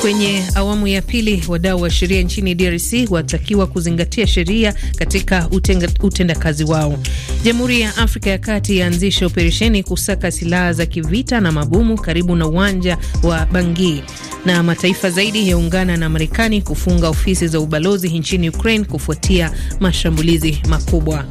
Kwenye awamu ya pili, wadau wa sheria nchini DRC watakiwa kuzingatia sheria katika utendakazi wao. Jamhuri ya Afrika ya Kati yaanzisha operesheni kusaka silaha za kivita na mabomu karibu na uwanja wa Bangui, na mataifa zaidi yaungana na Marekani kufunga ofisi za ubalozi nchini Ukraine kufuatia mashambulizi makubwa.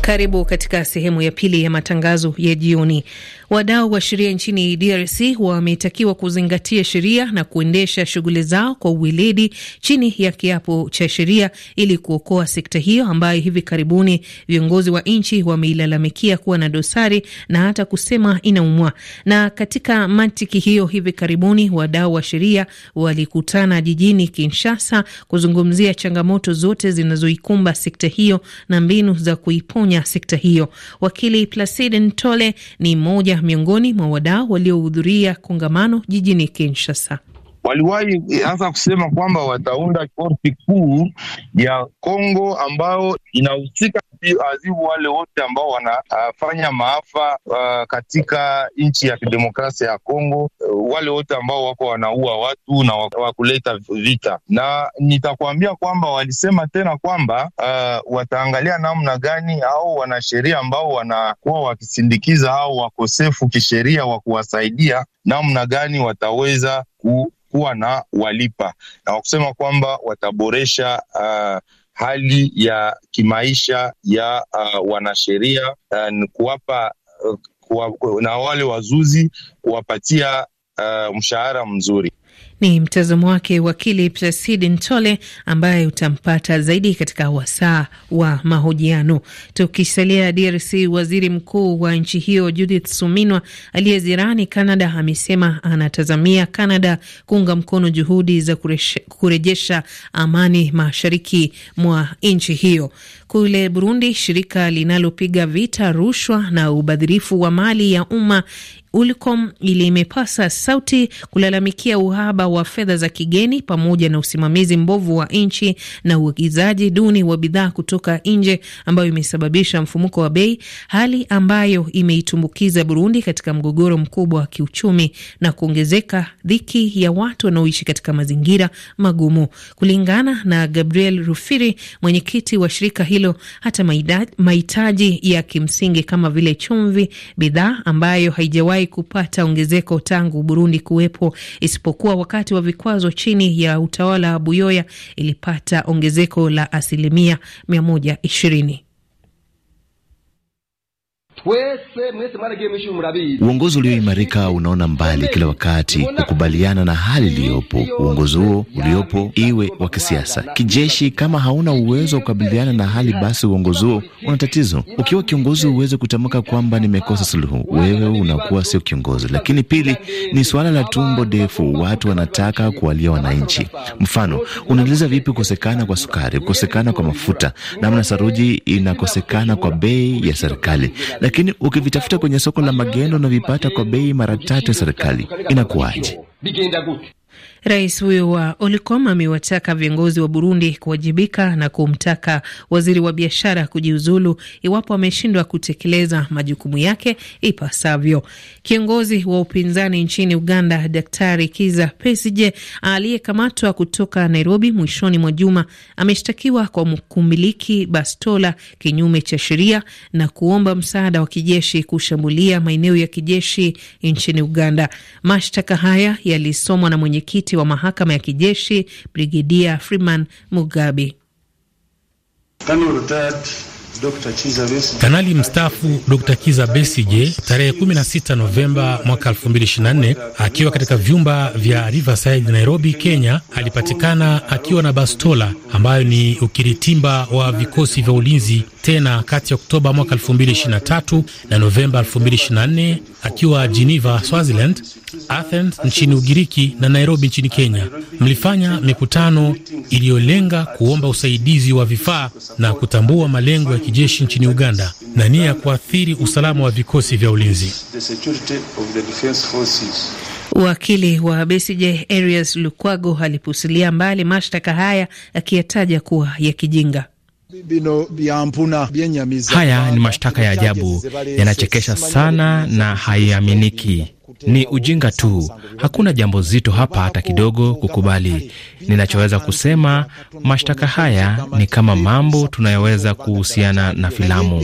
Karibu katika sehemu ya pili ya matangazo ya jioni. Wadau wa sheria nchini DRC wametakiwa kuzingatia sheria na kuendesha shughuli zao kwa uweledi chini ya kiapo cha sheria ili kuokoa sekta hiyo ambayo hivi karibuni viongozi wa nchi wameilalamikia kuwa na dosari na hata kusema inaumwa. Na katika mantiki hiyo, hivi karibuni wadau wa sheria walikutana jijini Kinshasa kuzungumzia changamoto zote zinazoikumba sekta hiyo na mbinu za kuiponya sekta hiyo. Wakili Placide Ntole ni mmoja miongoni mwa wadau waliohudhuria kongamano jijini Kinshasa waliwahi hasa kusema kwamba wataunda korti kuu ya Kongo ambayo inahusika azibu wale wote ambao wanafanya uh, maafa uh, katika nchi ya kidemokrasia ya Kongo, uh, wale wote ambao wako wanaua watu na wakuleta vita. Na nitakuambia kwamba walisema tena kwamba uh, wataangalia namna gani au wanasheria ambao wanakuwa wakisindikiza au wakosefu kisheria wa kuwasaidia namna gani wataweza ku kuwa na walipa na wakusema kwamba wataboresha uh, hali ya kimaisha ya uh, wanasheria uh, kuwapa uh, kuwa, na wale wazuzi kuwapatia uh, mshahara mzuri. Ni mtazamo wake wakili Plasidi Ntole, ambaye utampata zaidi katika wasaa wa mahojiano. Tukisalia DRC, waziri mkuu wa nchi hiyo Judith Suminwa aliye zirani Canada amesema anatazamia Canada kuunga mkono juhudi za kurejesha amani mashariki mwa nchi hiyo. Kule Burundi, shirika linalopiga vita rushwa na ubadhirifu wa mali ya umma Ulcom ilimepasa sauti kulalamikia uha uhaba wa fedha za kigeni pamoja na usimamizi mbovu wa nchi na uagizaji duni wa bidhaa kutoka nje ambayo imesababisha mfumuko wa bei, hali ambayo imeitumbukiza Burundi katika mgogoro mkubwa wa kiuchumi na kuongezeka dhiki ya watu wanaoishi katika mazingira magumu. Kulingana na Gabriel Rufiri, mwenyekiti wa shirika hilo, hata mahitaji ya kimsingi kama vile chumvi, bidhaa ambayo haijawahi kupata ongezeko tangu Burundi kuwepo, isipokuwa kuwa wakati wa vikwazo chini ya utawala wa Buyoya ilipata ongezeko la asilimia 120. Uongozi ulioimarika unaona mbali kila wakati, kukubaliana na hali iliyopo. Uongozi huo uliopo, iwe wa kisiasa, kijeshi, kama hauna uwezo wa kukabiliana na hali, basi uongozi huo una tatizo. Ukiwa kiongozi uweze kutamka kwamba nimekosa suluhu, wewe unakuwa sio kiongozi. Lakini pili ni suala la tumbo ndefu watu wanataka kuwalia wananchi. Mfano, unaeleza vipi kukosekana kwa sukari, kukosekana kwa mafuta, namna saruji inakosekana kwa bei ya serikali lakini ukivitafuta kwenye soko la magendo unavipata kwa bei mara tatu ya serikali. Inakuwaje? Rais huyo wa Olicom amewataka viongozi wa Burundi kuwajibika na kumtaka waziri wa biashara kujiuzulu iwapo ameshindwa kutekeleza majukumu yake ipasavyo. Kiongozi wa upinzani nchini Uganda, Daktari Kiza Pesije, aliyekamatwa kutoka Nairobi mwishoni mwa juma, ameshtakiwa kwa kumiliki bastola kinyume cha sheria na kuomba msaada wa kijeshi kushambulia maeneo ya kijeshi nchini Uganda. Mashtaka haya yalisomwa na mwenyekiti mwenyekiti wa mahakama ya kijeshi Brigedia Freeman Mugabi. Kanali mstaafu Dr. Kiza Besije tarehe 16 Novemba mwaka 2024 akiwa katika vyumba vya Riverside, Nairobi, Kenya, alipatikana akiwa na bastola ambayo ni ukiritimba wa vikosi vya ulinzi tena kati ya Oktoba mwaka 2023 na Novemba 2024 akiwa Geneva, Swaziland, Athens nchini Ugiriki na Nairobi nchini Kenya. Mlifanya mikutano iliyolenga kuomba usaidizi wa vifaa na kutambua malengo ya kijeshi nchini Uganda na nia ya kuathiri usalama wa vikosi vya ulinzi. Wakili wa Besigye Arias Lukwago alipusilia mbali mashtaka haya akiyataja kuwa ya kijinga. Haya ni mashtaka ya ajabu, yanachekesha sana na haiaminiki. Ni ujinga tu, hakuna jambo zito hapa hata kidogo kukubali. Ninachoweza kusema mashtaka haya ni kama mambo tunayoweza kuhusiana na filamu.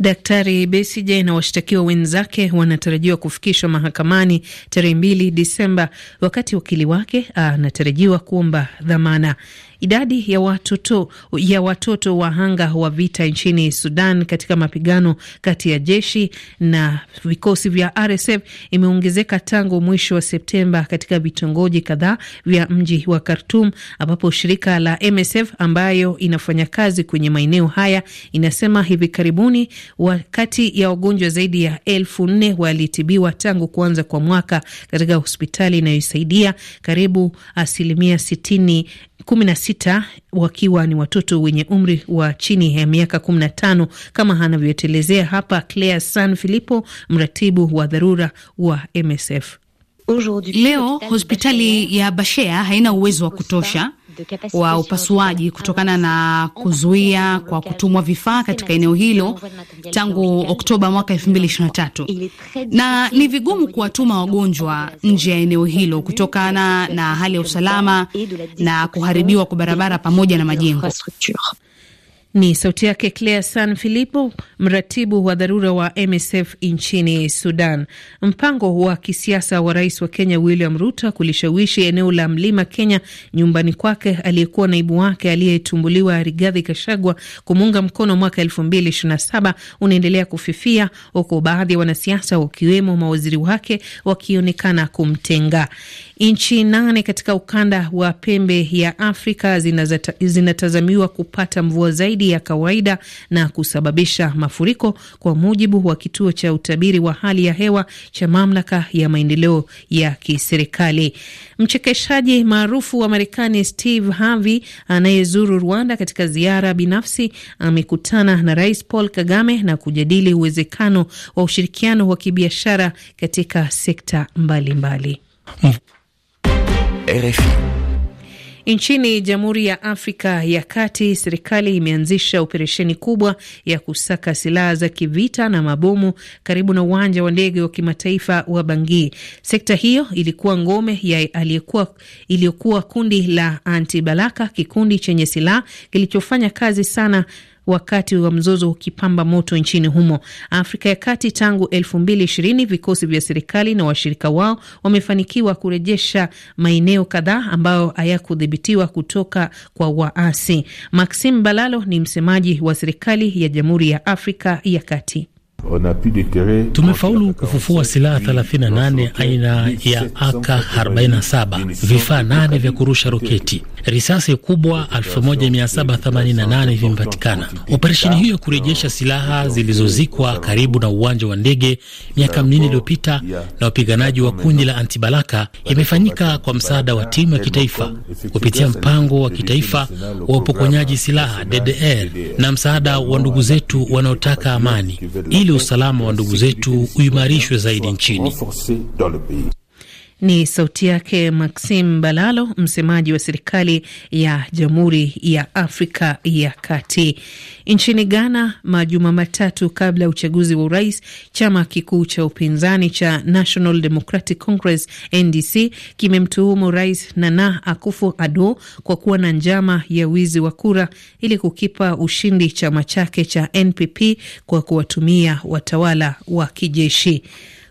Daktari Besigye na washtakiwa wenzake wanatarajiwa kufikishwa mahakamani tarehe mbili Disemba, wakati wakili wake anatarajiwa kuomba dhamana idadi ya watoto, ya watoto wahanga wa vita nchini Sudan katika mapigano kati ya jeshi na vikosi vya RSF imeongezeka tangu mwisho wa Septemba katika vitongoji kadhaa vya mji wa Khartoum, ambapo shirika la MSF ambayo inafanya kazi kwenye maeneo haya inasema hivi karibuni wakati ya wagonjwa zaidi ya elfu nne walitibiwa tangu kuanza kwa mwaka katika hospitali inayosaidia karibu asilimia sitini kumi na sita wakiwa ni watoto wenye umri wa chini ya miaka kumi na tano kama anavyotelezea hapa Claire San Filippo, mratibu wa dharura wa MSF. Leo hospitali ya Bashea haina uwezo wa kutosha wa upasuaji kutokana na kuzuia kwa kutumwa vifaa katika eneo hilo tangu Oktoba mwaka 2023 na ni vigumu kuwatuma wagonjwa nje ya eneo hilo kutokana na hali ya usalama na kuharibiwa kwa barabara pamoja na majengo. Ni sauti yake Claire San Filipo, mratibu wa dharura wa MSF nchini Sudan. Mpango wa kisiasa wa rais wa Kenya William Ruto kulishawishi eneo la mlima Kenya nyumbani kwake aliyekuwa naibu wake aliyetumbuliwa Rigathi Gachagua kumuunga mkono mwaka 2027 unaendelea kufifia, huku baadhi ya wanasiasa wakiwemo mawaziri wake wakionekana kumtenga. Nchi nane katika ukanda wa pembe ya Afrika zinatazamiwa kupata mvua zaidi ya kawaida na kusababisha mafuriko, kwa mujibu wa kituo cha utabiri wa hali ya hewa cha mamlaka ya maendeleo ya kiserikali. Mchekeshaji maarufu wa Marekani Steve Harvey anayezuru Rwanda katika ziara binafsi amekutana na Rais Paul Kagame na kujadili uwezekano wa ushirikiano wa kibiashara katika sekta mbalimbali mbali. RFI. Nchini Jamhuri ya Afrika ya Kati, serikali imeanzisha operesheni kubwa ya kusaka silaha za kivita na mabomu karibu na uwanja wa ndege wa kimataifa wa Bangui. Sekta hiyo ilikuwa ngome ya aliyekuwa iliyokuwa kundi la Anti Balaka, kikundi chenye silaha kilichofanya kazi sana wakati wa mzozo ukipamba moto nchini humo. Afrika ya Kati, tangu 2020 vikosi vya serikali na washirika wao wamefanikiwa kurejesha maeneo kadhaa ambayo hayakudhibitiwa kutoka kwa waasi. Maxim Balalo ni msemaji wa serikali ya Jamhuri ya Afrika ya Kati. Tumefaulu kufufua silaha 38 aina ya AK47, vifaa nane vya kurusha roketi, risasi kubwa 1788 vimepatikana. Operesheni hiyo ya kurejesha silaha zilizozikwa karibu na uwanja wa ndege miaka minne iliyopita na wapiganaji wa kundi la Antibalaka imefanyika kwa msaada wa timu ya kitaifa kupitia mpango wa kitaifa wa upokonyaji silaha DDR na msaada wa ndugu zetu wanaotaka amani ili usalama wa ndugu zetu uimarishwe zaidi nchini. Ni sauti yake Maxim Balalo, msemaji wa serikali ya Jamhuri ya Afrika ya Kati. Nchini Ghana, majuma matatu kabla ya uchaguzi wa urais, chama kikuu cha upinzani cha National Democratic Congress NDC kimemtuhumu Rais Nana Akufo-Addo kwa kuwa na njama ya wizi wa kura ili kukipa ushindi chama chake cha NPP kwa kuwatumia watawala wa kijeshi.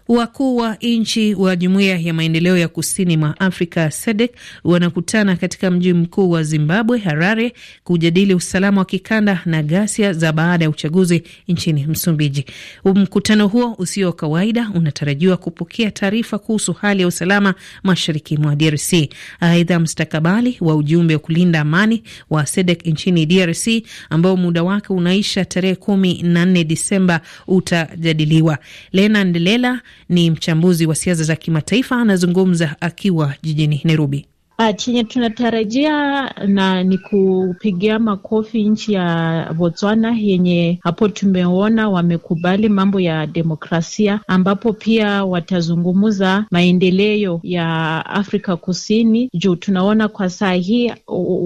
Wakuu wa nchi wa Jumuiya ya Maendeleo ya Kusini mwa Afrika SADC wanakutana katika mji mkuu wa Zimbabwe, Harare, kujadili usalama wa kikanda na ghasia za baada ya uchaguzi nchini Msumbiji. Mkutano huo usio wa kawaida unatarajiwa kupokea taarifa kuhusu hali ya usalama mashariki mwa DRC. Aidha, mstakabali wa ujumbe wa kulinda amani wa SADC nchini DRC ambao muda wake unaisha tarehe kumi na nne Disemba utajadiliwa. Lena Ndelela ni mchambuzi wa siasa za kimataifa, anazungumza akiwa jijini Nairobi. Ah, chenye tunatarajia na ni kupigia makofi nchi ya Botswana yenye hapo tumeona wamekubali mambo ya demokrasia, ambapo pia watazungumza maendeleo ya Afrika Kusini juu tunaona kwa saa hii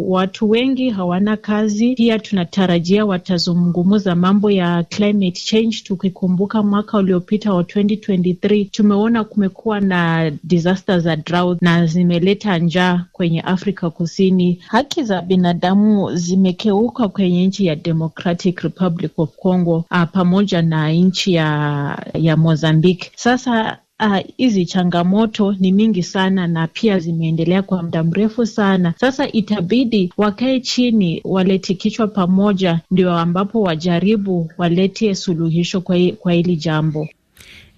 watu wengi hawana kazi. Pia tunatarajia watazungumza mambo ya climate change, tukikumbuka mwaka uliopita wa 2023 tumeona kumekuwa na disaster za drought na zimeleta njaa kwenye Afrika Kusini, haki za binadamu zimekeuka kwenye nchi ya Democratic Republic of Congo ah, pamoja na nchi ya, ya Mozambique. Sasa ah, hizi uh, changamoto ni mingi sana na pia zimeendelea kwa muda mrefu sana. Sasa itabidi wakae chini, walete kichwa pamoja, ndio ambapo wajaribu walete suluhisho kwa hili jambo.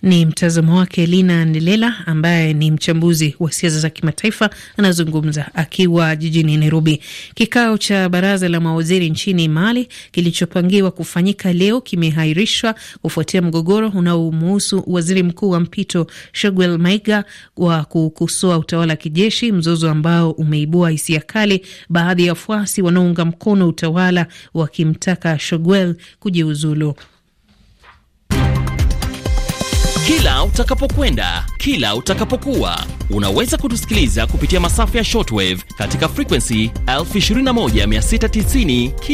Ni mtazamo wake Lina Ndelela, ambaye ni mchambuzi wa siasa za kimataifa, anazungumza akiwa jijini Nairobi. Kikao cha baraza la mawaziri nchini Mali kilichopangiwa kufanyika leo kimehairishwa kufuatia mgogoro unaomuhusu waziri mkuu wa mpito Choguel Maiga wa kukosoa utawala wa kijeshi, mzozo ambao umeibua hisia kali, baadhi ya wafuasi wanaounga mkono utawala wakimtaka Choguel kujiuzulu. Kila utakapokwenda, kila utakapokuwa, unaweza kutusikiliza kupitia masafa ya shortwave katika frequency 21690 kh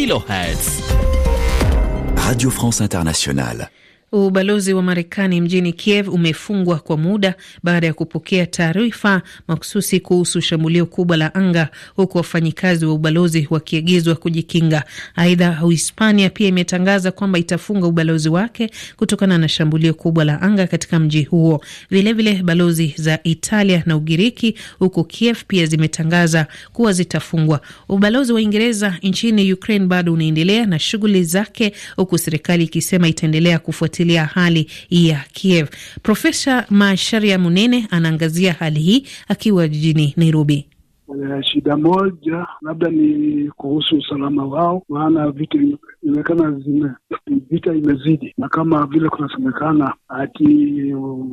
Radio France Internationale. Ubalozi wa Marekani mjini Kiev umefungwa kwa muda baada ya kupokea taarifa mahususi kuhusu shambulio kubwa la anga, huku wafanyikazi wa ubalozi wakiagizwa kujikinga. Aidha, Uhispania pia imetangaza kwamba itafunga ubalozi wake kutokana na shambulio kubwa la anga katika mji huo. Vilevile vile balozi za Italia na Ugiriki huko Kiev pia zimetangaza kuwa zitafungwa. Ubalozi wa Uingereza nchini Ukraine bado unaendelea na shughuli zake, huku serikali ikisema itaendelea kufuatilia kufuatilia hali ya Kiev. Profesa Masharia Munene anaangazia hali hii akiwa jijini Nairobi. Eh, shida moja labda ni kuhusu usalama wao, maana vita inaonekana zime vita imezidi, na kama vile kunasemekana ati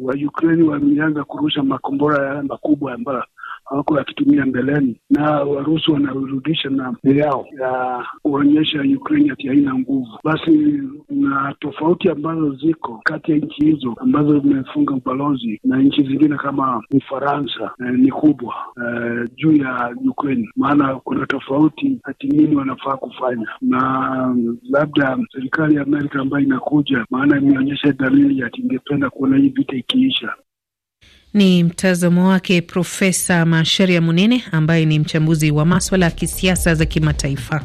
Waukraini wameanza kurusha makombora yale makubwa ambayo hawako wakitumia mbeleni, na Warusi wanarudisha na yao ya kuonyesha Ukraine ati haina nguvu. Basi na tofauti ambazo ziko kati ya nchi hizo ambazo zimefunga ubalozi na nchi zingine kama Ufaransa eh, ni kubwa eh, juu ya Ukraine, maana kuna tofauti hati nini wanafaa kufanya, na labda serikali ya Amerika ambayo inakuja, maana imeonyesha dalili ati ingependa kuona hii vita ikiisha. Ni mtazamo wake Profesa Masharia Munene ambaye ni mchambuzi wa maswala ya kisiasa za kimataifa.